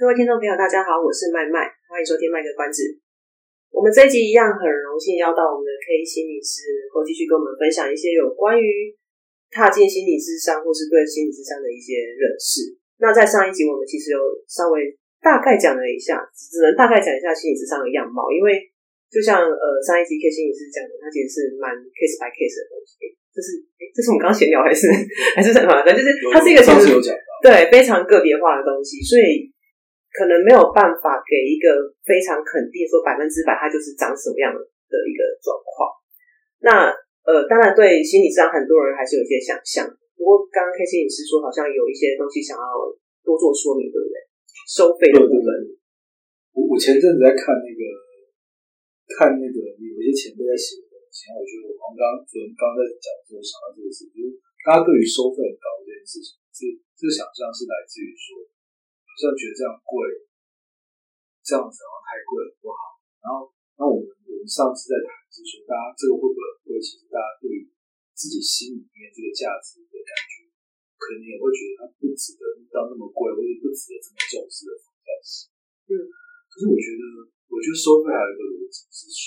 各位聽眾朋友，大家好，我是麥麥，歡迎收聽《賣個關子》。我們這一集一樣很榮幸邀到我們的 K 心理師會繼續跟我們分享一些有關於踏進心理諮商，或是對心理諮商的一些認識。那在上一集，我們其實有稍微大概講了一下，只能大概講一下心理諮商的樣貌。因為就像呃上一集 K 心理師講的，它其實是蠻 case by case 的東西。欸、這是、欸、這是我們剛剛閒聊還是還是什麼？反正就是它是一個講、嗯嗯嗯、對，非常個別化的東西，所以。可能沒有辦法，給一個非常肯定說百分之百它就是長什麼樣的一個狀況。那呃，當然對心理上很多人還是有一些想象。不過剛剛 K 心理師說好像有一些東西想要多做說明，對不對？收費的部分，對對對，我我前陣子在看那個看那個看、那個、有一些前輩在寫的東西，我覺得我剛剛任剛在講，就想到這個事情，就是大家對於收費很高的這件事情，這這想象是來自於說。好像覺得這樣貴，這樣子好太貴了不好。然後，那我們我們上次在談是說，大家這個會不會貴？其實大家對自己心裡面這個價值的感覺，可能也會覺得它不值得到那麼貴，或者不值得這麼重視的方式。對。可是我覺得，我覺得收費還有一個邏輯是說，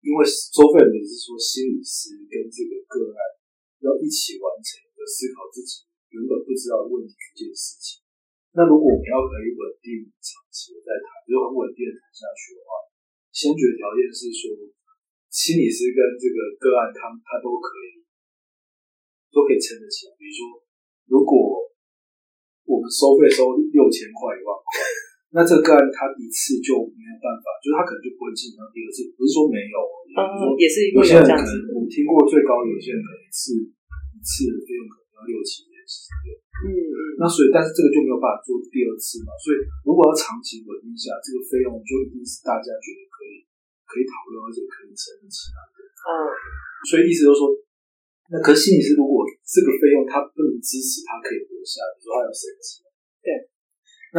因為收費，我是說心理師跟這個個案要一起完成要思考自己原本不知道的問題這件事情。那如果我們要可以穩定長期的在談，就很穩定的談下去的話，先決條件是說，心理師跟這個個案他他都可以，都可以撐得起來。比如說，如果我們收費收六千塊一萬塊，那這個個案他一次就沒有辦法，就是他可能就不會進行到第二次，不是說沒有，嗯，也是有些這樣子。我們聽過最高有些人的一次，嗯、一次費用可能要六七。嗯，嗯，那所以，但是這個就沒有辦法做第二次嘛。所以，如果要長期穩定下，這個費用就一定是大家覺得可以，可以討論而且可以成立其他的。嗯，所以意思就是說，那可是的是，如果這個費用他不能支持，他可以留下，比如說他要升級。對、嗯，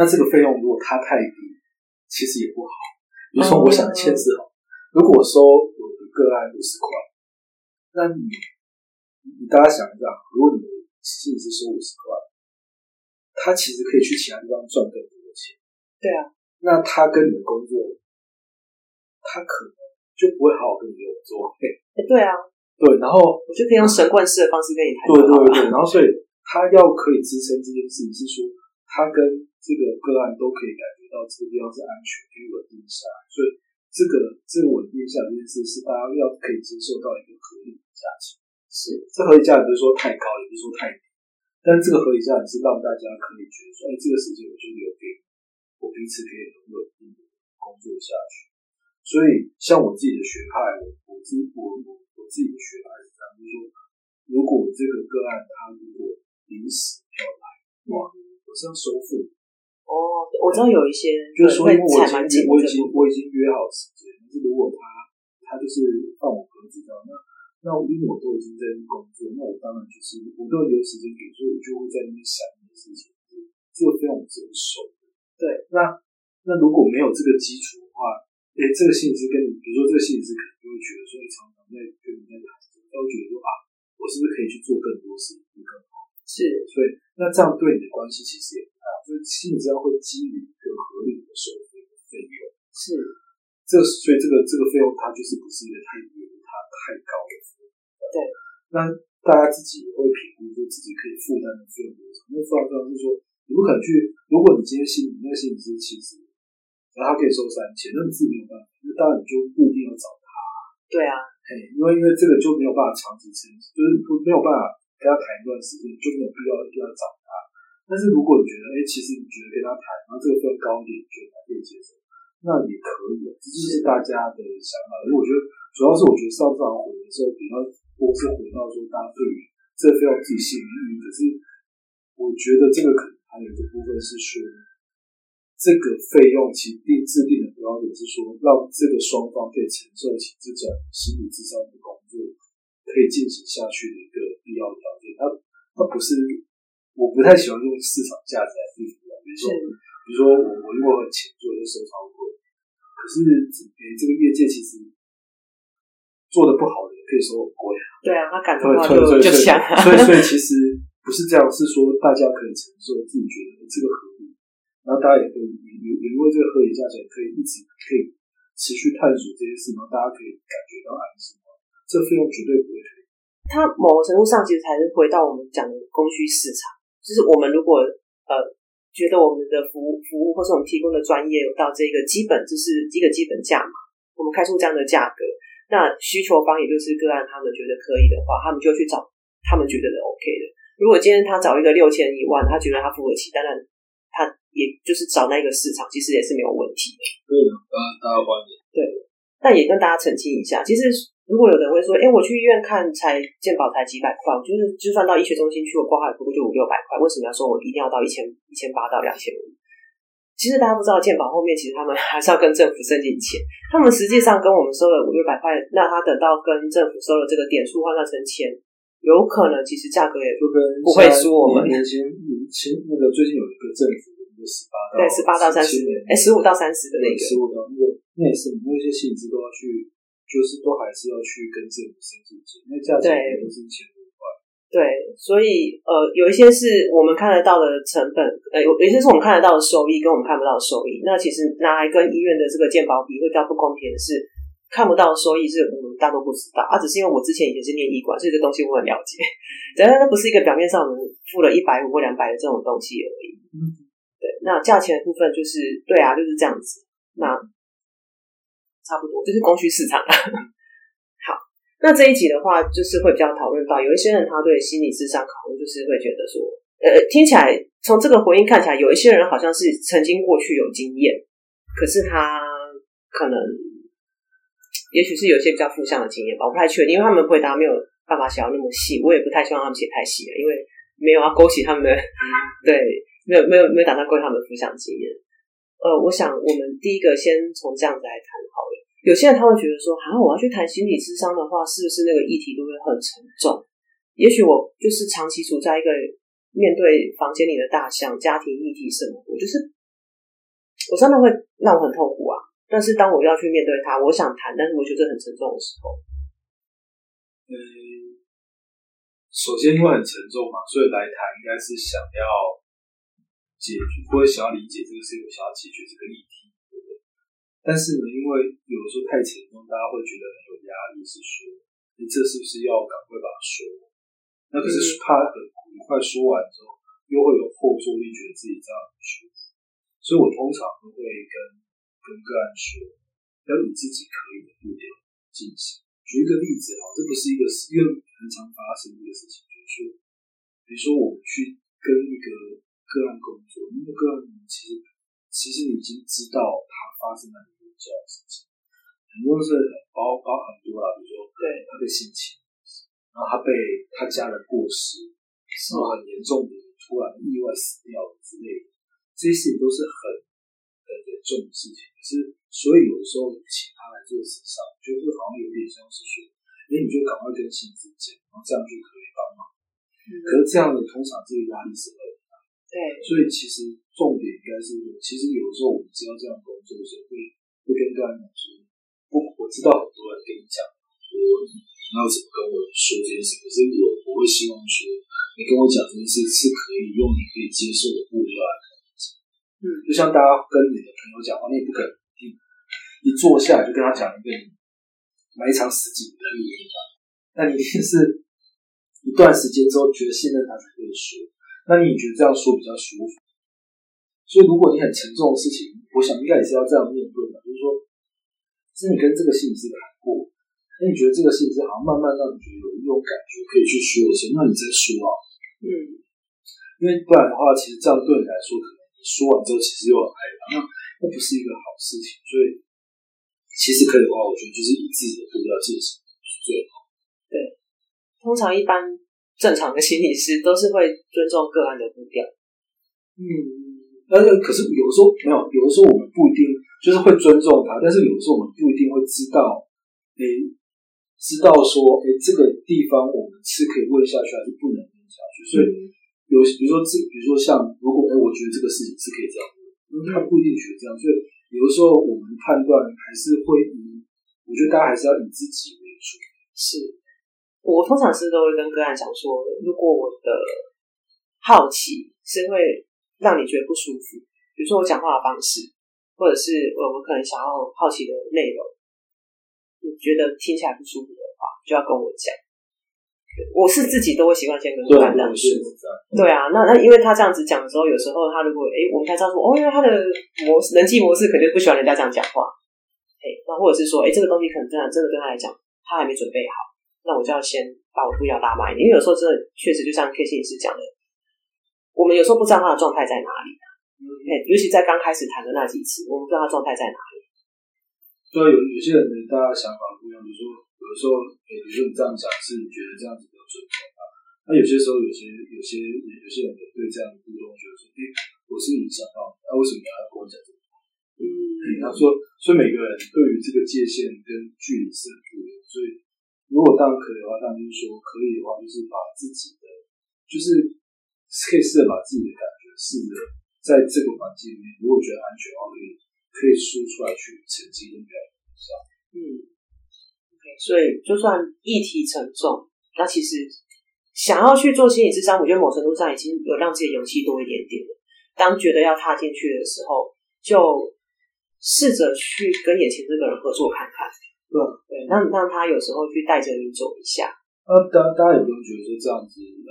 那這個費用如果他太低，其實也不好。比如說，我想的切是如果說我，我的個案不是塊，那你，你大家想一下，如果你。四十說五十塊，他其實可以去其他地方賺更多的錢。對啊，那他跟你的工作，他可能就不會好好跟你做。哎、欸欸，對啊。對，然後我就可以用神棍式的方式跟你談。對對對，然後所以他要可以支撐這件事情，是說他跟這個個案都可以感覺到這個地方是安全，可以穩定下來。所以這個這個穩定下來的事是，大家要可以接受到一個合理的價錢。是，這合理價也不是說太高，也不是說太低，但是這個合理價也是讓大家可以覺得說，哎、欸，這個時間我就留給我，彼此可以很穩定的工作下去。所以，像我自己的學派，我我我我自己的學派是這樣，就說、是，如果這個個案他如果臨時要來哇，我是要收費。哦、嗯，我知道有一些會，就是說，因為我已經我已經我已經約好時間，但是如果他他就是放我擱置掉呢？那我因為我都已經在那邊工作，那我當然就是我都有留時間給做，我就會在那邊想一個事情，這個費用怎麼收？對，那那如果沒有這個基礎的話，誒、欸，這個心理師跟你，比如說這個心理師可能就會覺得說，你常常在跟人家在談這些，那會覺得說啊，我是不是可以去做更多事情，更好？是，所以那這樣對你的關係其實也啊，不大，個、就是、心理師會基於一個合理的收費的費用。是，這所以這個這個費用它就是不是一個太因為它太高的。對，那大家自己也會評估，就自己可以負擔的費用多少？那算不算是說，你不可去，如果你接心理那個心理師其實，然後他可以收三千，那你是沒有辦法，那當然你就不一定要找他。對啊，嘿、欸，因為因為這個就沒有辦法長期諮詢，就是沒有辦法跟他談一段時間，就沒有必要一定要找他。但是如果你覺得，哎、欸，其實你覺得跟他談，那這個費用高一點，你覺得他可以接受，那也可以啊，這就是大家的想法。因為我覺得主要是我覺得上不然後面的時候比較。我是回到說，大家對於這非要提醒，可是我覺得這個可能還有一個部分是說，這個費用其實定制定的標準是說，讓這個雙方可以承受起這種心理諮商的工作，可以進行下去的一個必要的條件。他，他不是，我不太喜歡用市場價值來付出的，比如說，比如說我我如果錢做個收藏會，可是哎，這個業界其實做的不好的。可以說貴啊，對啊，他敢的話就就香。所以，所以其實不是這樣，是說大家可以承受，自己覺得這個合理，然後大家也可以也也因為這個合理價錢，可以一直可以持續探索這些事，然後大家可以感覺到安心嘛，這個費用絕對不會退。它某個程度上，其實才是回到我們講的供需市場，就是我們如果呃覺得我們的服務服務或是我們提供的專業有到這個基本就是一個基本價嘛，我們開出這樣的價格。那需求方也就是個案，他們覺得可以的話，他們就去找他們覺得的 OK 的。如果今天他找一個六千一萬，他覺得他付得起，當然他也就是找那個市場，其實也是沒有問題的。嗯嗯、對，大家觀點。對，但也跟大家澄清一下，其實如果有人會說，哎、欸，我去醫院看才健保才幾百塊，就是就算到醫學中心去，我掛號也不過就五六百塊，為什麼要說我一定要到一千一千八到兩千五？其實大家不知道，健保後面其實他們還是要跟政府申請錢。他們實際上跟我們收了五六百塊，那他等到跟政府收了這個點數換算成錢，有可能其實價格也不會輸我們。年輕年輕那個最近有一個政府的，就十八到，對，十八到三十，欸，哎，十五到三十的那個，十五到30那個那也是，那一些性質都要去，就是都還是要去跟政府申請錢，那價錢都是錢。對，所以呃，有一些是我們看得到的成本，呃，有有一些是我們看得到的收益，跟我們看不到的收益。那其實拿來跟醫院的這個健保比，會比較不公平的是，看不到的收益是我們大都不知道。啊，只是因為我之前也是念醫館，所以這東西我很了解。人家那不是一個表面上我們付了一百五或兩百的這種東西而已。嗯，對，那價錢的部分就是，對啊，就是這樣子。那差不多，就是供需市場啊。那這一集的話，就是會比較討論到有一些人，他對心理諮商考慮，就是會覺得說，呃，聽起來從這個回應看起來，有一些人好像是曾經過去有經驗，可是他可能，也許是有一些比較負向的經驗吧，我不太確定，因為他們回答沒有辦法寫到那麼細，我也不太希望他們寫太細，因為沒有要勾起他們的，對，沒有沒有沒有打算勾他們的負向經驗，呃，我想我們第一個先從這樣子來談好了。有些人他會覺得說，啊，我要去談心理諮商的話，是不是那個議題都會很沉重？也許我就是長期處在一個面對房間裡的大象、家庭議題什麼、就是，我就是我真的會讓我很痛苦啊。但是當我要去面對他，我想談，但是我覺得很沉重的時候，嗯、首先因為很沉重嘛，所以來談應該是想要解決，或者想要理解這個事情，我想要解決這個議題。但是呢，因為有的時候太沉重，大家會覺得很有壓力，是說，你這是不是要趕快把它說？那可是怕很快說完之後又會有後坐力，覺得自己這樣不舒服。所以我通常都會跟跟個案說，要你自己可以的步調進行。舉一個例子啊、哦，這不是一個因為很常發生一個事情，比如說，比如說我們去跟一個個案工作，因為個案工作其實其實你已經知道他發生了、那個。重要事很多是包包很多了，比如說對，他的心情，然後他被他家人過失什麼很嚴重的，突然意外死掉之類的，這些事情都是很很嚴重的事情。可是所以有的時候請他來做諮商，覺得好像有點像是說，哎，你就趕快跟妻子講，然後這樣就可以幫忙。嗯、可是這樣的通常這個壓力是很大。對，所以其實重點應該是，其實有時候我們只要這樣工作的時候會。跟個人不，我知道很多人跟你講說，你要怎麼跟我說這件事，可是我我會希望說你跟我講這件事是可以用你可以接受的步驟來。啊，嗯，就像大家跟你的朋友講話，也不你不可能一坐下來就跟他講一個埋藏十幾年的，那你一定是一段時間之後覺得信任他才會說。那你覺得這樣說比較舒服？所以如果你很沉重，重的事情，我想應該也是要這樣面對吧？就是說，其實你跟這個心理師談過，那你覺得這個心理師好像慢慢讓你覺得有一種感覺可以去說的時候，那你再說啊，嗯，因為不然的話，其實這樣對你來說，可能你說完之後其實又很害怕，那那不是一個好事情，所以其實可以的話，我覺得就是以自己的步調進行是最好。對，嗯，通常一般正常的心理師都是會尊重個案的步調。嗯。但是，可是有的時候沒有，有的時候我們不一定就是會尊重他，但是有的時候我們不一定會知道，誒、欸、知道說哎、欸，這個地方我們是可以問下去，還是不能問下去。所以、嗯、有比如說這，比如說像如果誒我覺得這個事情是可以這樣因為、嗯嗯、他不一定學這樣。所以有的時候我們判斷還是會以、嗯，我覺得大家還是要以自己為主。是我通常是都會跟個案講說，如果我的好奇是因為。讓你覺得不舒服，比如說我講話的方式，或者是我我可能想要好奇的內容，你覺得聽起來不舒服的話，就要跟我講。我是自己都會習慣先跟對方讓步。對，對，對啊，那那因為他這樣子講的時候，有時候他如果哎、欸，我們才知道說，哦，因為他的模式、人際模式肯定不喜歡人家這樣講話。哎、欸，那或者是說，哎、欸，這個東西可能真的真的對他來講，他還沒準備好，那我就要先把我步調拉慢，因為有時候真的確實，就像 KC 也是講的。我們有時候不知道他的狀態在哪裡、嗯欸，尤其在剛開始談的那幾次，我們不知道他狀態在哪裡。對啊，有有些人大家想法不一樣，如說有比如說、欸，你這樣講是覺得這樣子比較尊重他，那、啊啊、有些時候有些有些有些人對這樣的互動覺得說，哎、欸，我是你想要，那、啊、為什麼你要跟我講這種話？嗯，他說，所以每個人對於這個界限跟距離是很重要的，所以如果當然可以的話，當然就是說可以的話，就是把自己的就是。可以試着把自己的感覺，試着在這個環境裡面，如果覺得安全的話，可以可以說出來去澄清一下。嗯，OK，所以就算議題沉重，那其實想要去做心理諮商，我覺得某程度上已經有讓自己勇氣多一點點。當覺得要踏進去的時候，就試着去跟眼前這個人合作看看。對、嗯、對，讓讓他有時候去帶着你走一下。那當然，大家有沒有覺得說這樣子，哎，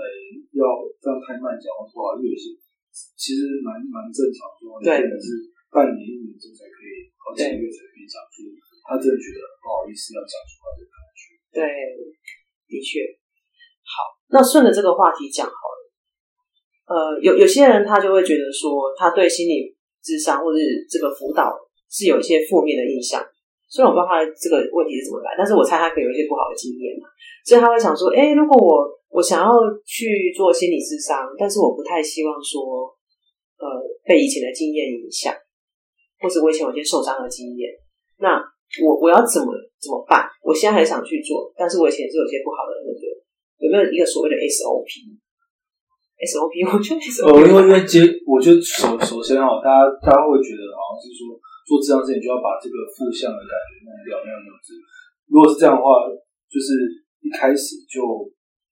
要這樣太慢，講的話，越是其實蠻蠻正常的，說你真是半年、一年之後才可以，好幾個月才可以講出。他真的覺得不好意思要講出話來去。對，的確。好，嗯、那順着這個話題講好了。呃，有有些人他就會覺得說，他對心理諮商或者這個輔導是有一些負面的印象。雖然我不知道他這個問題是怎麼來，但是我猜他可能有一些不好的經驗嘛，所以他會想說，哎、欸，如果我我想要去做心理諮商，但是我不太希望說，呃，被以前的經驗影響，或者我以前有些受傷的經驗，那我我要怎麼怎麼辦？我現在還想去做，但是我以前是有些不好的，那個，有沒有一個所謂的 SOP？SOP，我 SOP? 覺 得哦，因為那接，我就首首先啊、哦，大家大家會覺得啊、哦、就是說。做這件事情，就要把這個負向的感覺弄掉，弄掉。如果是這樣的話，就是一開始就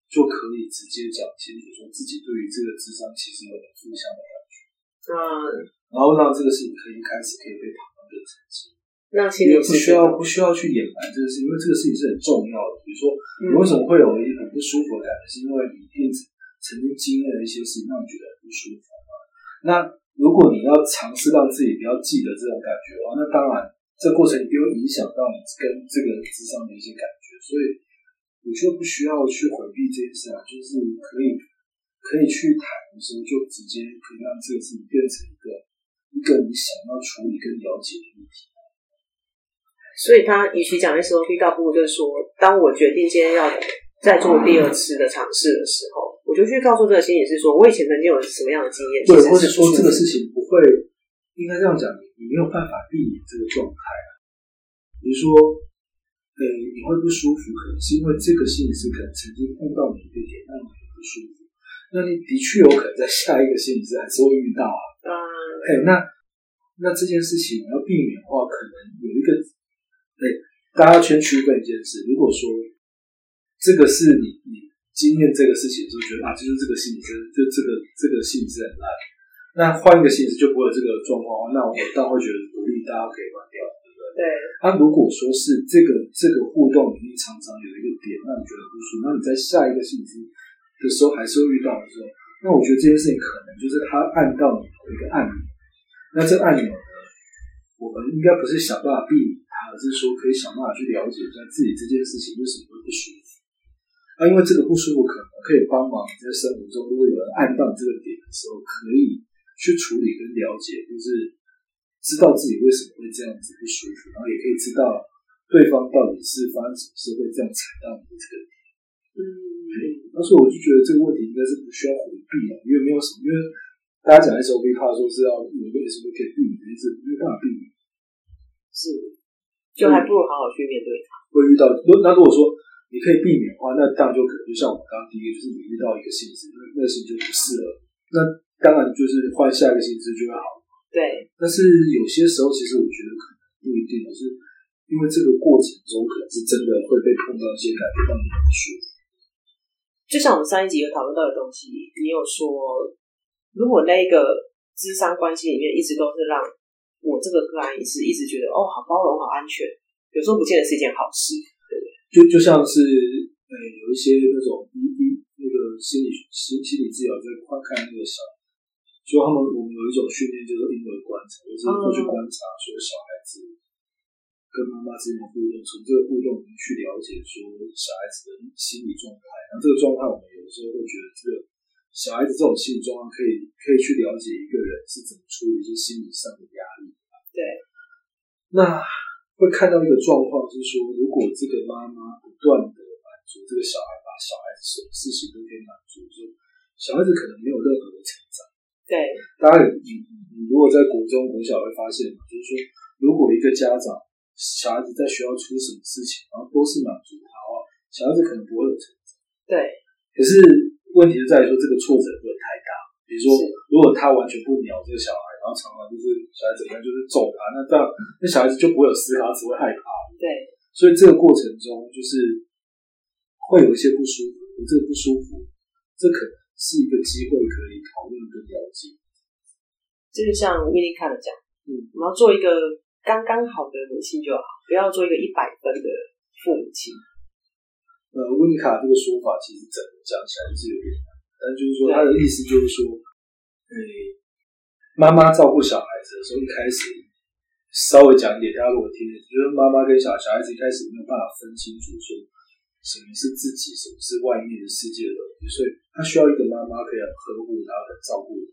就可以直接講清楚，說自己對於這個智商其實有點負向的感覺。嗯。然後讓這個事情可以開始可以被討論的澄清。那其實不需要不需要去隱瞞這個事情，因為這個事情是很重要的。比如說，你為什麼會有一個很不舒服的感覺，是因為你一定曾經經歷了一些事讓你覺得很不舒服嘛？那如果你要嘗試讓自己不要記得這種感覺的話，那當然這過程一定會影響到你跟這個諮商的一些感覺，所以你就不需要去回避這件事啊，就是可以可以去談的時候，就直接可以讓這個事情變成一個一個你想要處理跟了解的問題。所以他與其講 SOP，倒不如就是說，當我決定今天要再做第二次的嘗試的時候。嗯就去告訴這個心理師說，我以前曾經有什麼樣的經驗。對，或者說這個事情不會，應該這樣講，你沒有辦法避免這個狀態啊。比如說，呃，你會不舒服，可能是因為這個心理師可能曾經碰到你的點讓你不舒服。那你的確有可能在下一個心理師還是會遇到啊。嗯。哎，那那這件事情你要避免的話，可能有一個，哎，大家先區分一件事。如果說這個是你你。經驗這個事情，就覺得啊，就是這個心理師，就這個這個心理師很爛。那換一個心理師就不會有這個狀況，那我倒會覺得鼓勵大家可以換掉，對不對？對。那、啊、如果說是這個這個互動你常常有一個點讓你覺得不舒服，那你在下一個心理師的時候還是會遇到的時候，那我覺得這件事情可能就是他按到你某一個按鈕。那這按鈕呢，我們應該不是想辦法避免它，而、啊、是說可以想辦法去了解一下自己這件事情為什麼會不舒服。啊，因為這個不舒服可，可能可以幫忙你在生活中，如果有人按到這個點的時候，可以去處理跟了解，就是知道自己為什麼會這樣子不舒服，然後也可以知道對方到底是發生什麼事會這樣踩到你的這個點。嗯，對、嗯。那時候我就覺得這個問題應該是不需要回避的，因為沒有什麼，因為大家講 SOP 怕說是要有一個 SOP 可以避免，但是沒有辦法避免。是，就還不如好好去面對它。會遇到，那如果我說。你可以避免的話，那當然就可能就像我們剛剛第一個，就是你遇到一個心理師，那那個、心理師就不適合。那當然就是換下一個心理師就會好。對。但是有些時候，其實我覺得可能不一定，就是因為這個過程中，可能是真的會被碰到一些感覺到你的需求。就像我們上一集有討論到的東西，你有說，如果那一個諮商關係裡面一直都是讓我這個個案也是一直覺得哦，好包容、好安全，有時候不見得是一件好事。就就像是，呃、欸，有一些那種醫醫、嗯嗯、那個心理心心理治療在誇看那個小孩，就他們我們有一種訓練，就是嬰兒觀察，就是會去觀察說小孩子跟媽媽之間的互動，從這個互動去了解說小孩子的心理狀態。然後這個狀態，我們有時候會覺得，這個小孩子這種心理狀況可以可以去了解一個人是怎麼處理一些心理上的壓力。對，那。會看到一個狀況，就是說，如果這個媽媽不斷的滿足這個小孩，把小孩子所有事情都給滿足，就小孩子可能沒有任何的成長。對，當然，你你，你如果在國中、國小會發現，就是說，如果一個家長小孩子在學校出什麼事情，然後都是滿足他，小孩子可能不會有成長。對，可是問題就在於說，這個挫折不會太大。比如說，如果他完全不鳥這個小孩。然後常常就是小孩子呢，就是揍他，那這樣那小孩子就不會有思考，只會害怕。對，所以這個過程中就是會有一些不舒服，這個不舒服，這可能是一個機會，可以討論跟了解。這就是、像威尼卡的講，嗯，我要做一個剛剛好的母親就好，不要做一個一百分的父母親。呃、嗯，溫尼卡這個說法其實整個講起來就是有點難，但就是說他的意思就是說，媽媽照顧小孩子的時候，一開始稍微講一點，大家跟我聽，就是媽媽跟小小孩子一開始沒有辦法分清楚說，什麼是自己，什麼是外面的世界的東西，所以他需要一個媽媽可以很呵護他，很照顧他。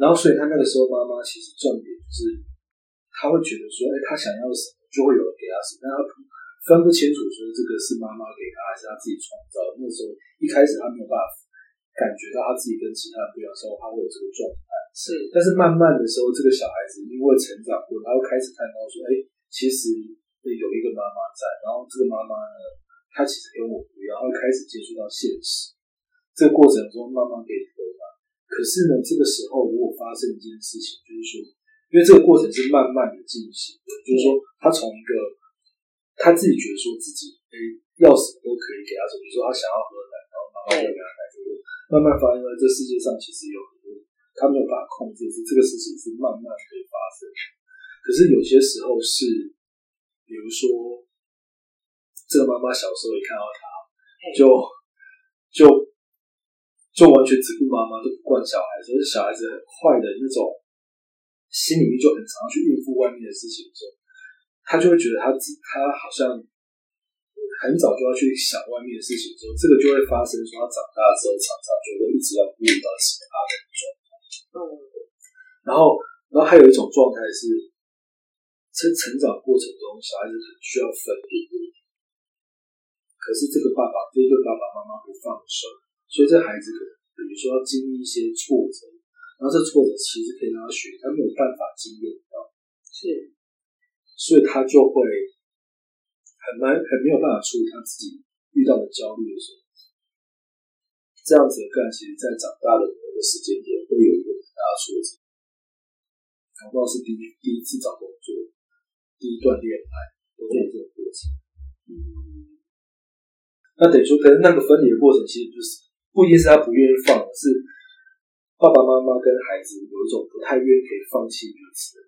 然後，然後所以他那個時候媽媽其實重點就是，他會覺得說，哎、欸，他想要什麼就會有給他什麼，但他分不清楚說這個是媽媽給他還是他自己創造。那時候一開始他沒有辦法。感覺到他自己跟其他人不一樣的時候，他會有這個狀態是。但是慢慢的時候，這個小孩子因為成長過，他會開始看到說，哎、欸，其實有一個媽媽在，然後這個媽媽呢，她其實跟我不一樣，然後開始接觸到現實。這個過程中慢慢可以習慣。可是呢，這個時候如果發生一件事情，就是說，因為這個過程是慢慢的進行的，嗯，就是說，他從一個他自己覺得說自己哎要什麼都可以給他做，比如說他想要喝奶，然後媽媽會給他奶。慢慢發現，這世界上其實有很多他沒有辦法控制，這個事情是慢慢可以發生。可是有些時候是，比如說這個媽媽小時候一看到他就就就完全只顧媽媽，都不管小孩子，小孩子很壞的那種，心裡面就很常去應付外面的事情的時候，他就會覺得他他好像。很早就要去想外面的事情之後，說這個就會發生，說要長大的時候，常常就會一直要顧及到其他的狀態、嗯。然後，然後還有一種狀態是，在成,成長過程中，小孩子可能需要分離，可是這個爸爸、這個爸爸媽媽不放手，所以這孩子可能，比如說要經歷一些挫折，然後這挫折其實可以讓他學，他沒有辦法經驗到，是、嗯，所以他就會。很難，很沒有辦法處理他自己遇到的焦慮的時候，這樣子的個人其實在長大的某個時間點會有一個很大的挫折，搞不好是第一第一次找工作、第一段戀愛，都會有這種過程。嗯，那等於說，可是那個分離的過程，其實就是不一定是他不願意放，是爸爸媽媽跟孩子有一種不太願意放棄彼此。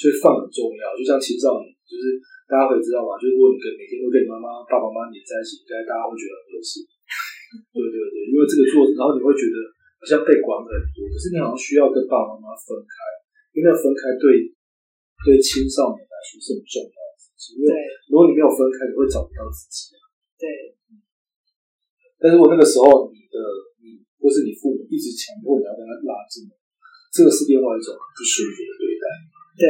所以放很重要，就像青少年，就是大家會知道吧？就是如果你跟每天都跟你媽媽、爸爸媽媽黏在一起，應該大家會覺得很合適，嗯。對對對，因為這個做，然後你會覺得好像被管了很多，可是你好像需要跟爸爸媽媽分開，因為分開對對青少年來說是很重要的事情。因為如果你沒有分開，你會找不到自己。對。但是如果那個時候你，你的你或是你父母一直強迫你要跟他拉近，這個是另外一種很不舒服的，對。對，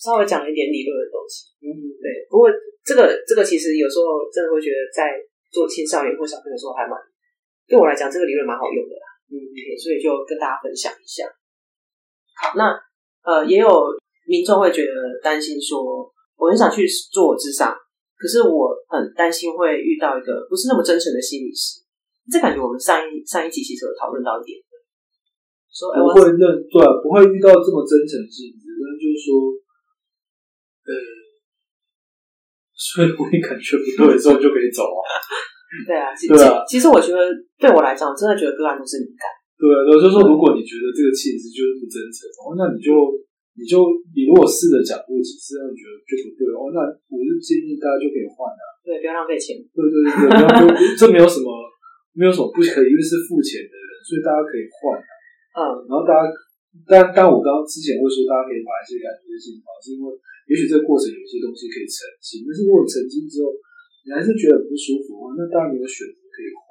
稍微講了一點理論的東西。嗯，對。不過這個這個其實有時候真的會覺得，在做青少年或小朋友的時候，還蠻對我來講，這個理論蠻好用的啦。嗯，所以就跟大家分享一下。好，那呃，也有民眾會覺得擔心說，說我很想去做諮商，可是我很擔心會遇到一個不是那麼真誠的心理師。這感覺我們上一上一集其實有討論到一點。不會認對、啊，不會遇到這麼真誠的性質。那就是說，呃，所以我也感覺不對，所以就可以走啊， 啊。對啊，其實、 啊、其實我覺得，對我來講，真的覺得個案都是敏感。對、啊，我就是、說，如果你覺得這個氣質就是不真誠，然後那你就你就你如果試着講過幾次，然你覺得就不對，話，那我是建議大家就可以換啊。對，不要浪費錢。對對對 這沒有什麼，沒有什麼不可以，因為是付錢的人，所以大家可以換啊。嗯，然後大家，但但我剛剛之前會說，大家可以把一些感覺進掉，是因為也許這個過程有些東西可以澄清。但是如果你澄清之後，你還是覺得很不舒服的話，那當然你有選擇可以換。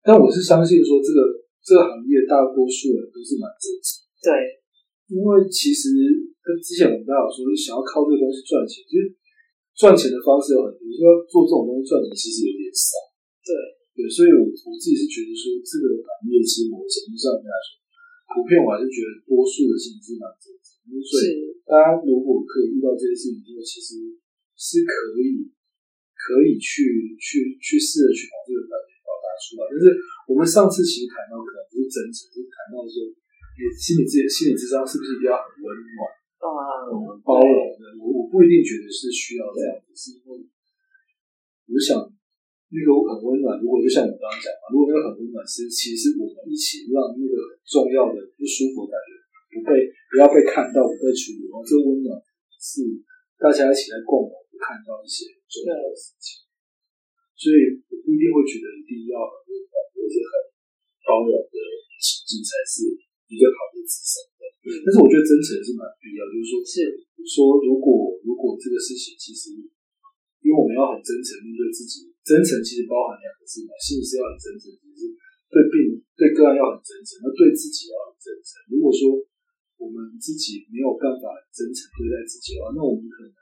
但我是相信說，這個這個行業大多數人都是蠻正直。對，因為其實跟之前我們剛好說，你想要靠這個東西賺錢，其實賺錢的方式有很多，就說做這種東西賺錢其實有點少。對。對，所以我我自己是覺得說，這個行業，其實某種程度來說，普遍我還是覺得多數的事情是蠻真誠，所以大家如果可以遇到這些事情之後，其實是可以可以去去去試着去把這個感覺表達出來。但是我們上次其實談到可能不是真誠，是談到說你心理自心理智商是不是要很溫暖啊，很、嗯、包容的？對我我不一定覺得是需要這樣子，子，是因為。我想。如果就像我剛剛講嘛，如果沒有很溫暖，其實我們一起讓那個很重要的不舒服感覺不被、不要被看到，不被處理。然後這個溫暖是大家一起來共謀，看到一些重要的事情，嗯、所以不一定會覺得一定要很溫暖或者很包容的環境才是比較考驗真誠的。但是我覺得真誠是蠻必要，就是說，是、就是、說如果如果這個事情其實因為我們要很真誠面對自己。真誠其實包含兩個字嘛，信息，要很真誠，也、就是對病對個案要很真誠，要對自己要很真誠。如果說我們自己沒有辦法真誠對待自己的話，那我們可能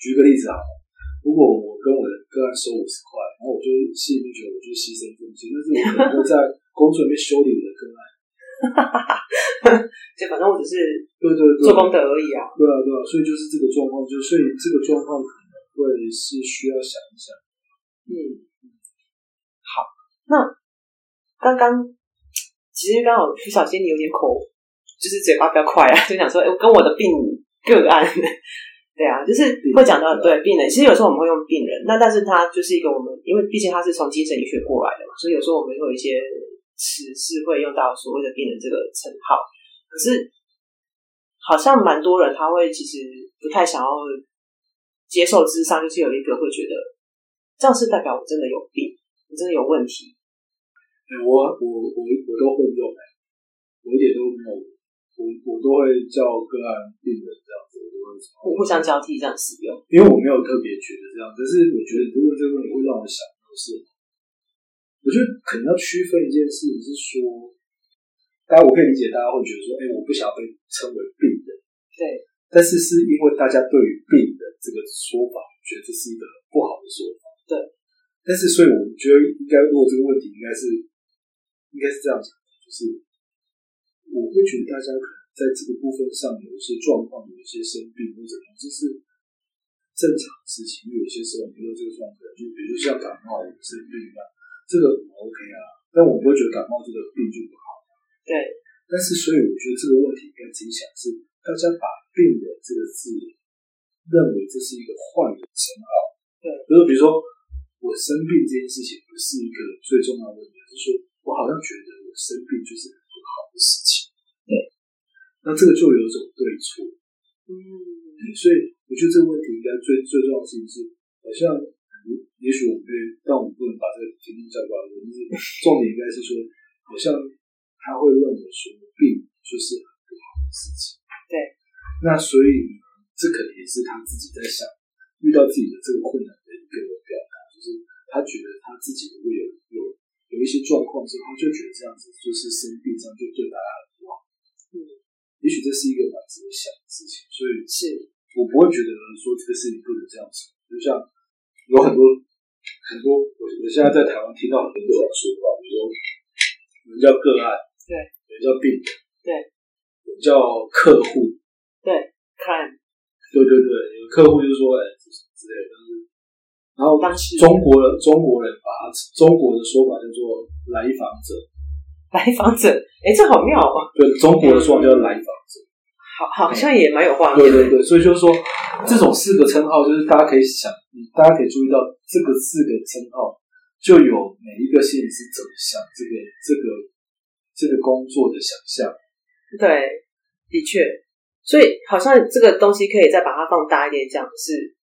舉個例子啊，如果我跟我的個案收五十塊，然後我就是心裡就覺得，我就犧牲貢獻， 但是我可能會在工作裡面修理我的個案。哈哈哈哈哈。就反正我只是對對做功德而已啊，對對對。對啊對啊，所以就是這個狀況，就所以這個狀況。會是需要想一想。嗯，好，那剛剛其實剛好小心你有點口，就是嘴巴比較快啊，就想說、欸我跟我，跟我的病個案呵呵，對啊，就是會講、嗯、到對、嗯、病人。其實有時候我們會用病人，那但是他就是一個我們，因為畢竟他是從精神醫學過來的嘛，所以有時候我們有一些詞是會用到所謂的病人這個稱號。可是好像蠻多人他會其實不太想要。接受諮商，就是有一個會覺得，這樣是代表我真的有病，我真的有問題。哎，我我我我都會用，欸，我一點都沒有，我我都會叫個案病人這樣子，我都會，會。互相交替這樣使用，因為我沒有特別覺得這樣但得，可是我覺得如果這個問題會讓我想，就是，我覺得可能要區分一件事情是說，當然我可以理解大家會覺得說，哎，欸，我不想被稱為病人，對。但是是因為大家對於病的這個說法，覺得這是一個不好的說法。對，但是所以我覺得應該，如果這個問題應該是應該是這樣講，就是我會覺得大家可能在這個部分上有一些狀況，有一些生病或者就是正常的事情。有些時候，你覺得這個狀況，就比如說像感冒有生病啊，這個 OK 啊。但我不會覺得感冒這個病就不好。對，但是所以我覺得這個問題應該自己想是。大家把“病”的這個字認為這是一個壞的稱號，對、嗯，就是比如說我生病這件事情不是一個最重要的問題，就是說我好像覺得我生病就是很不好的事情，對、嗯，那這個就有一種對錯、嗯，嗯，所以我覺得這個問題應該最最重要的事是，好像、嗯、也許我們，但我們不能把這個題目叫做“病人”，重點應該是說， 好像他會認為說，病就是很不好的事情。對，那所以這可能也是他自己在想，遇到自己的這個困難的一個表達，就是他覺得他自己如果有有有一些狀況之後，他就覺得這樣子就是生病，這樣就對大家不好。嗯。也許這是一個蠻值得想的事情，所以是，我不會覺得說這個事情不能這樣子，就像有很多很多，我我現在在台灣聽到很多人說的話，比如說有人叫個案，對，有人叫病，對。對叫客戶，對看，對對對，有客戶就說：“哎、欸，這什麼之類。”的。然後當時中國人中國人把中國的說法叫做“來訪者”，來訪者，哎、欸，這好妙啊、哦！對，中國的說法叫“來訪者”，好好像也蠻有畫面。對對對，所以就是說這種四個稱號，就是大家可以想，大家可以注意到這個四個稱號就有每一個心理師是怎麼想這個這個這個工作的想象，對。的確，所以好像這個東西可以再把它放大一點講，是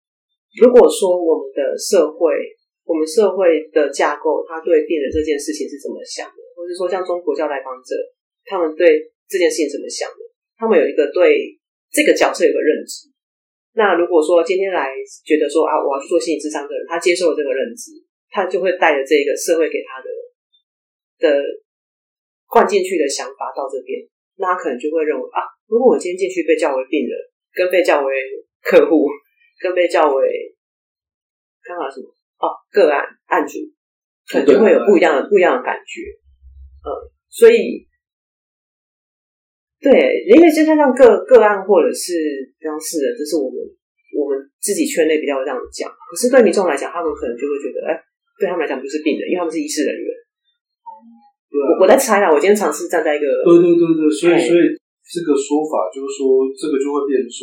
如果說我們的社會，我們社會的架構，他對病人這件事情是怎麼想的，或者說像中國叫來訪者，他們對這件事情怎麼想的？他們有一個對這個角色有個認知。那如果說今天來覺得說啊，我要去做心理諮商的人，他接受了這個認知，他就會帶着這個社會給他的的灌進去的想法到這邊。那他可能就會認為啊，如果我今天進去被叫為病人，跟被叫為客戶，跟被叫為剛剛什麼哦、啊、個案案主，可、嗯、能就會有不一樣的不一樣的感覺。呃、嗯，所以對，因為就像像個個案或者是當事人，這、就是我們我們自己圈內比較會這樣講。可是對民眾來講，他們可能就會覺得，哎、欸，對他們來講就是病人，因為他們是醫事人員。我、啊、我在猜了，我今天嘗試站在一個對對對對，所以、哎、所以，所以這個說法就是說，這個就會變成說，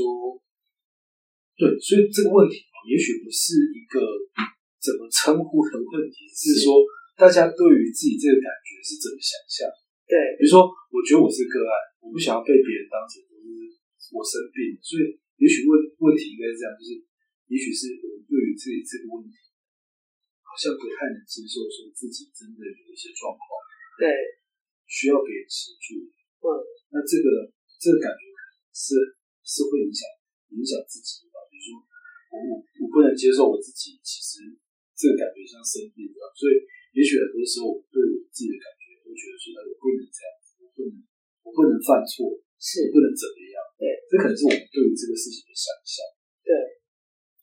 對，所以這個問題啊，也許不是一個怎麼稱呼的問題，是說、嗯、大家對於自己這個感覺是怎麼想象？對，比如說我覺得我是個案，我不想要被別人當成就是我生病，所以也許問問題應該是這樣，就是也許是我對於自己這個問題好像不太能接受說，說自己真的有一些狀況。對，需要給協助。嗯，那這個這個感覺是是會影響影響自己的吧？比如說，我我不能接受我自己，其實這個感覺像生病一樣。所以，也許很多時候我對我自己的感覺，我覺得說，我不能這樣，我不能我不能犯錯，是我不能怎麼樣。對，這可能是我們對於這個事情的想象。對，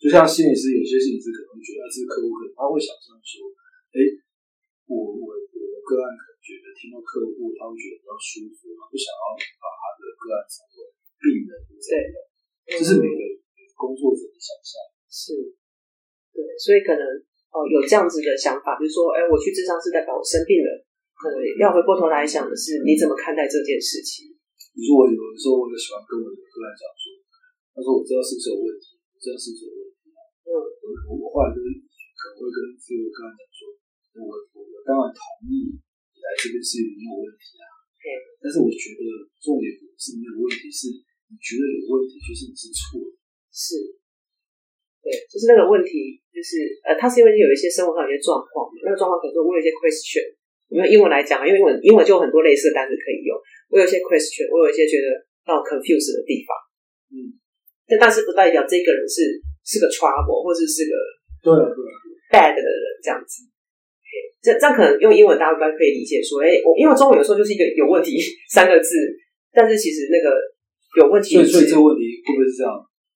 就像心理師，有些心理師可能覺得是客戶可，他會想象說，哎，我我我的個案。覺得聽到客戶，他會覺得比較舒服嘛，不想要把他的個案想做病人之類的，這是每個，每個工作者的想象。是，對，所以可能、哦、有這樣子的想法，比如說，哎、欸，我去諮商是代表我生病了，要回過頭來想的是，你怎麼看待這件事情？如果有的時候，我就喜歡跟我的個案講說，他說我知道是不是有問題，我知道是不是有問題、啊、那、嗯、我我後來就是可能會跟這個個案講說，我我我當然同意。這個是有沒有問題啊，對,對。但是我覺得重點是沒有問題是，是你覺得有問題，就是你是錯的。是，對，就是那個問題，就是呃，他是因為有一些生活上有一些狀況，那個狀況可能說我有一些 question，有沒有因為英文來講因為英文英文就很多類似的單詞可以用。我有一些 question，我有一些覺得很 confused 的地方。嗯，但但是不代表這個人是是個 trouble 或者是,是個對 bad 的人這樣子。這樣，這樣可能用英文，大家應該可以理解，說，哎、欸，我因為中文有時候就是一個有問題三個字，但是其實那個有問題是。所以，所以這個問題會不會是這樣？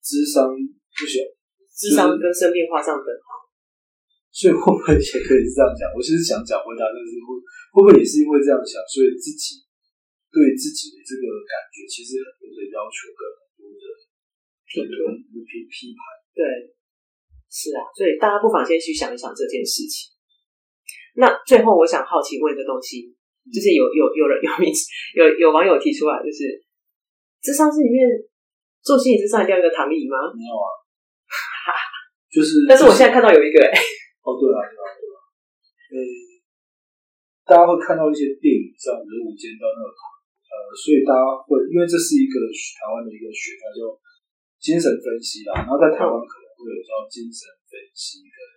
諮商不行，諮、就是、商跟生命畫上等號。所以，會不會也可以是這樣講？我其實想講，回答就是會，會不會也是因為這樣想，所以自己對自己的這個感覺，其實很多的要求跟很多，多的評論批判。對，是啊。所以大家不妨先去想一想這件事情。那最後，我想好奇問一個東西，嗯、就是有有有人有有有網友提出啊，就是諮商室裡面做心理諮商上掉一個躺椅嗎？沒有啊哈，就是。但是我現在看到有一個哎、欸。哦，對啊，對啊，對啊，呃、嗯，大家會看到一些電影上無間道那個呃，所以大家會因為這是一個台灣的一個學派叫精神分析啊，然後在台灣可能會有叫精神分析的。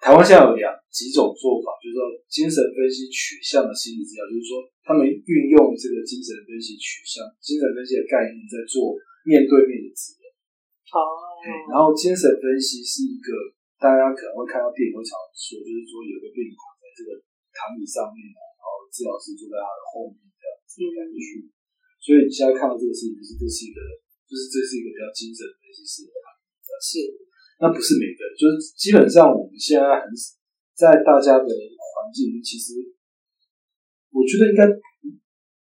台灣現在有兩幾種做法，就是說精神分析取向的心理治療，就是說他們運用這個精神分析取向、精神分析的概念，在做面對面的治療。好、oh。然後精神分析是一個大家可能會看到電影會常說，就是說有個病人躺在這個躺椅上面，啊，然後治療師坐在他的後面這樣子的感覺去。所以你現在看到這個視頻是這是一個，就是這是一個比較精神分析式的躺椅治療。是那不是每個人，就是基本上我們現在很少在大家的環境，其實我覺得應該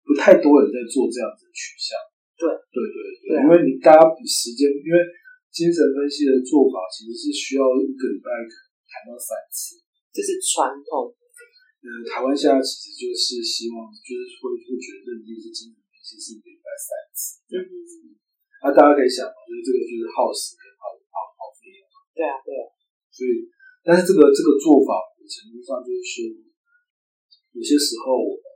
不太多人在做這樣的取向。對，對，對，對，對、啊，因為你大家比時間，因為精神分析的做法其實是需要一個禮拜可能談到三次，這是傳統的。呃、嗯，台灣現在其實就是希望就是是，就是會會覺得認定是精神分析是一個禮拜三次。那、嗯嗯啊、大家可以想，就是這個就是耗時。對啊，對啊，所以，但是這個這個做法，某程度上就是有些時候我們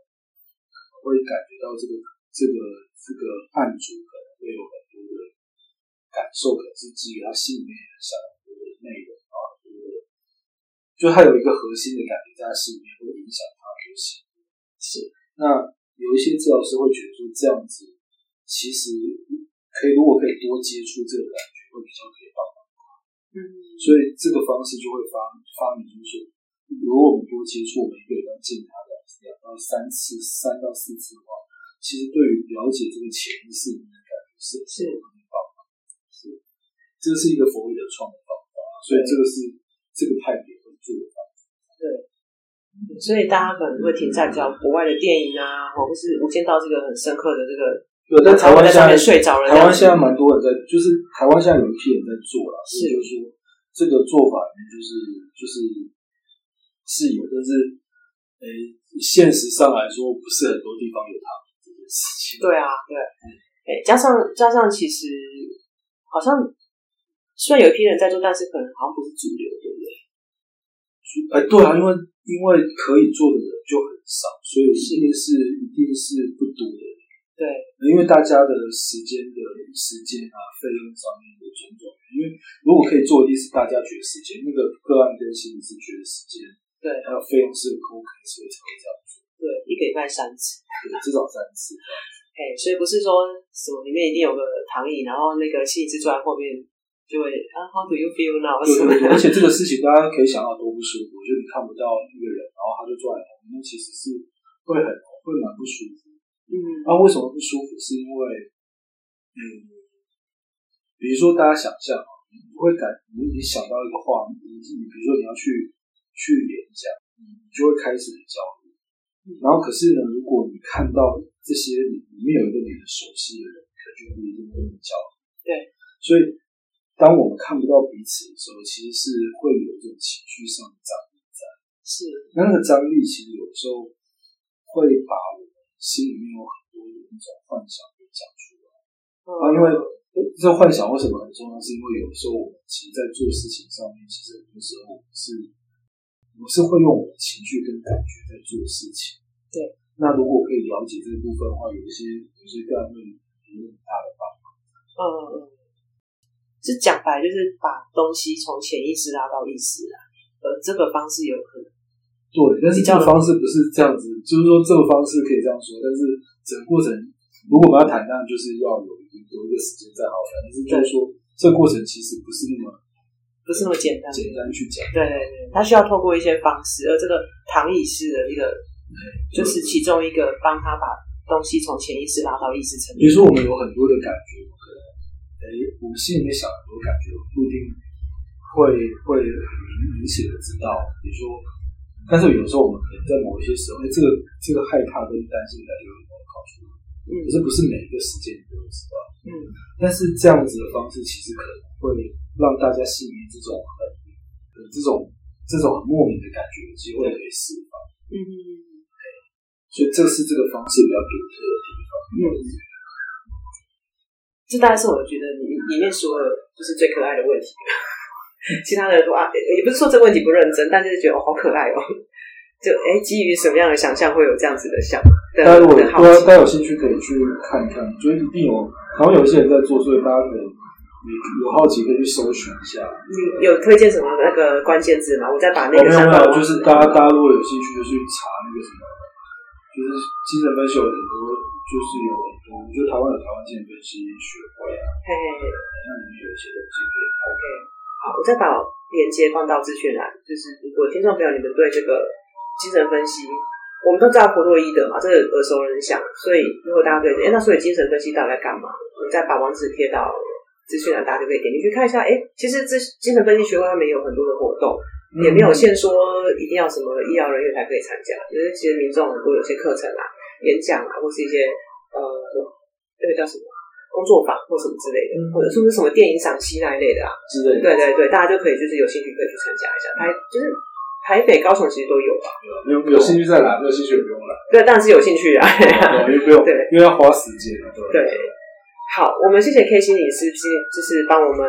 會感覺到這個這個這個案、這個、主可能會有很多的感受，可能是基於他心裡面有很、很多的內容啊，很多的，就他有一個核心的感覺在他心裡面，會影響他覺醒、就是。是，那有一些治療師會覺得說這樣子其實可以，可以，如果可以多接觸這個感覺，會比較可以放鬆。嗯、所以這個方式就會發明發明，就是如果我們多接觸，每一個人見他的兩到三次，三到四次的話，其實對於了解這個潛意識，感覺是很的是很有這是一個所謂的創造方法，所以這個是、嗯、這個派別會做的方法。對，所以大家可能會停在講、嗯、國外的電影啊，或是《無間道》這個很深刻的這個。對，但台灣現在，在面睡著了台灣現在蠻多人在，就是台灣現在有一批人在做啦，是所以就是說，這個做法，就是就是是有，但是，欸、現實上來說，不是很多地方有他們這件事情。對啊，對，哎、欸欸，加上加上，其實好像雖然有一批人在做，但是可能好像不是主流，對不對？哎、欸，對啊，對因為因為可以做的人就很少，所以事件是，是一定是不多的。對、嗯，因為大家的時間的時間啊，費用上面的種種，因為如果可以做的，一定是大家覺得時間那個個案跟心理師覺得時間，對，還有費用是、嗯、可、可以摳開，所以才會這樣子。對，一個禮拜三次，對，啊、至少三次。哎、okay，所以不是說什麼裡面一定有個躺椅，然後那個心理師坐在後面就會啊，How do you feel now？對對對，而且這個事情大家可以想到多不舒服， 就是你看不到一個人，然後他就坐在後面，那其實是會很會蠻不舒服。嗯，那、啊、為什麼不舒服？是因為，嗯，比如說大家想象啊，你會感，你想到一個畫面，你你比如說你要去去演講、嗯，你就會開始焦慮、嗯。然後可是呢，如果你看到這些，裡面有一個你很熟悉的人，你可能就不一定會很焦慮。對，所以當我們看不到彼此的時候，其實是會有一種情緒上的張力在。是，那那個張力其實有時候會把。心裡面有很多這種幻想跟講出來，啊，因為這幻想為什麼很重要？是因為有時候我們其實，在做事情上面，其實很多時候是，我們是會用我們的情緒跟感覺在做事情。對，那如果可以了解這部分的話，有一些有一些概念有很大的幫忙。嗯，是講白就是把東西從潛意識拉到意識，呃，這個方式有可能。對，但是這樣的方式不是這樣子，就是說這個方式可以這樣說，但是整個過程，如果我們要坦蕩，就是要有有一,一個時間再好但是再說，這個過程其實不是那麼、嗯、不是那麼簡單簡單去講，對,對,對,對，對他需要透過一些方式。嗯、而這個躺椅式的一個，就是其中一個幫他把東西從潛意識拉到意識層面。比如說，我們有很多的感覺，可能哎，我們心裡面想很多的感覺，不一定會會很明明顯的知道。比如說。但是有時候，我們可能在某一些時候，這個這個害怕跟擔心感覺有會跑出來，可、嗯、是不是每一個時間你都會知道。嗯，但是這樣子的方式，其實可能會讓大家心裡這種很、嗯、這種、這種很莫名的感覺有機會可以釋放。嗯，所以這是這個方式比較獨特的地方。這大概是我覺得你裡面說的就是最可愛的問題。嗯 其他的人都啊，也不是說這個問題不認真，但就是覺得我、哦、好可愛哦，就誒、欸，基於什麼樣的想象會有這樣子的想？但大家、啊、有興趣可以去看一看，所以一定有，好像有一些人在做，所以大家可以有好奇可以去搜尋一下。你有推薦什麼那個關鍵字嗎？我再把那個、哦、沒有，沒有就是大家大家如果有興趣就去查那個什麼，就是精神分析有很多，就是有，很多，就台灣有台灣精神分析學會啊，嘿嘿嘿，那有一些東西可以看。好，我再把鏈接放到資訊欄，就是如果聽眾朋友你們對這個精神分析，我們都知道弗洛伊德嘛，這個耳熟能詳，所以如果大家對，哎、欸，那所以精神分析到底在幹嘛？我再把網址貼到資訊欄，大家就可以點進去看一下。哎、欸，其實這精神分析學會他們有很多的活動、嗯，也沒有限說一定要什麼醫療人員才可以參加，就是其實民眾很多有些課程啊、演講啊，或是一些呃，這個叫什麼？工作坊或什麼之類的，嗯、或者是不是什麼電影賞析那一類的啊？是的。對對對，大家都可以，就是有興趣可以去參加一下。嗯、台就是台北高雄其實都有吧、啊。嗯、有有興趣再來，沒有興趣不用來。對，但是有興趣啊。對，對對不用，因為要花時間、啊。對，好，我們謝謝 K 心理師，是就是幫我們。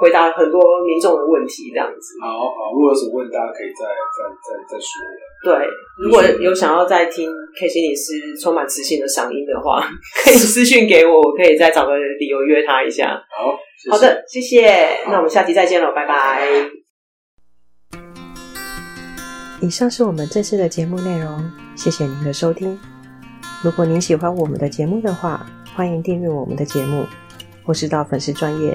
回答很多民眾的問題，這樣子好。好，好，如果有什麼問，大家可以再再再再說了。對，如果有想要再聽 K C 心理師充滿磁性的嗓音的話，可以私訊給我，我可以再找個理由約他一下。好，謝謝好的，謝謝，那我們下期再見了，拜拜。以上是我們正式的節目內容，謝謝您的收聽。如果您喜歡我們的節目的話，歡迎訂閱我們的節目，或是到粉絲專業。